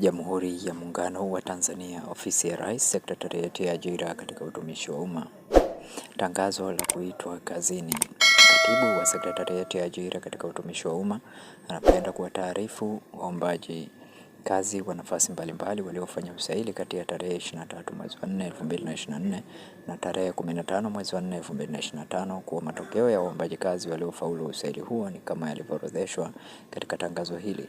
Jamhuri ya Muungano wa Tanzania, Ofisi ya Rais, Sekretarieti ya Ajira katika Utumishi wa Umma. Tangazo la kuitwa kazini. Katibu wa Sekretarieti ya Ajira katika Utumishi wa Umma anapenda kuwataarifu waombaji kazi wa nafasi mbalimbali waliofanya usaili kati ya tarehe 23 mwezi wa 4 2024 na tarehe 15 mwezi wa 4 2025 kuwa matokeo ya waombaji kazi waliofaulu usaili huo ni kama yalivyoorodheshwa katika tangazo hili.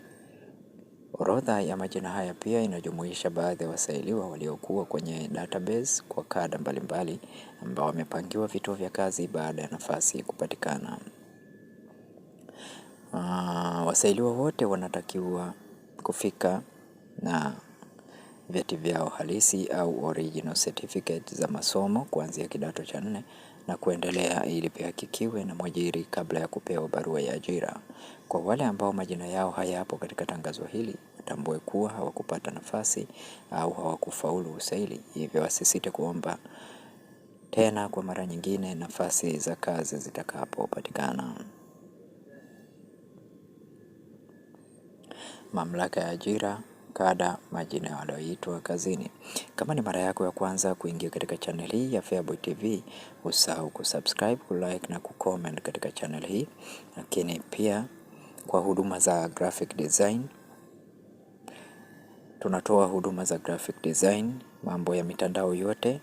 Orodha ya majina haya pia inajumuisha baadhi ya wasailiwa waliokuwa kwenye database kwa kada mbalimbali ambao wamepangiwa vituo vya kazi baada ya nafasi kupatikana. Uh, wasailiwa wote wanatakiwa kufika na vyeti vyao halisi au original certificate za masomo kuanzia kidato cha nne na kuendelea ili vihakikiwe na mwajiri kabla ya kupewa barua ya ajira. Kwa wale ambao majina yao hayapo katika tangazo hili, watambue kuwa hawakupata nafasi au hawakufaulu usaili, hivyo wasisite kuomba tena kwa mara nyingine nafasi za kazi zitakapopatikana. Mamlaka ya ajira kada majina ya kazini. Kama ni mara yako ya kwanza kuingia katika channel hii ya Feaboy TV, usahau kusubscribe, kulike na kucomment katika channel hii, lakini pia kwa huduma za graphic design tunatoa huduma za graphic design, mambo ya mitandao yote,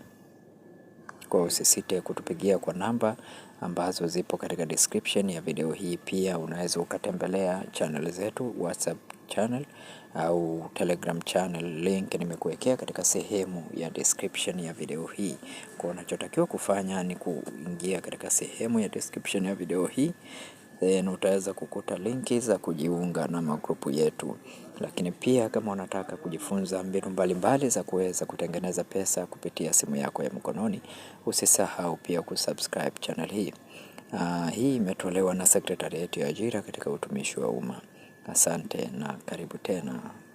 kwa usisite kutupigia kwa namba ambazo zipo katika description ya video hii. Pia unaweza ukatembelea channel zetu WhatsApp channel au telegram channel. Link nimekuwekea katika sehemu ya description ya video hii. Kwa unachotakiwa kufanya ni kuingia katika sehemu ya description ya video hii then utaweza kukuta linki za kujiunga na magrupu yetu. Lakini pia kama unataka kujifunza mbinu mbalimbali za kuweza kutengeneza pesa kupitia simu yako ya mkononi, usisahau pia kusubscribe channel hii. Uh, hii imetolewa na Sekretarieti ya Ajira katika Utumishi wa Umma. Asante na karibu tena.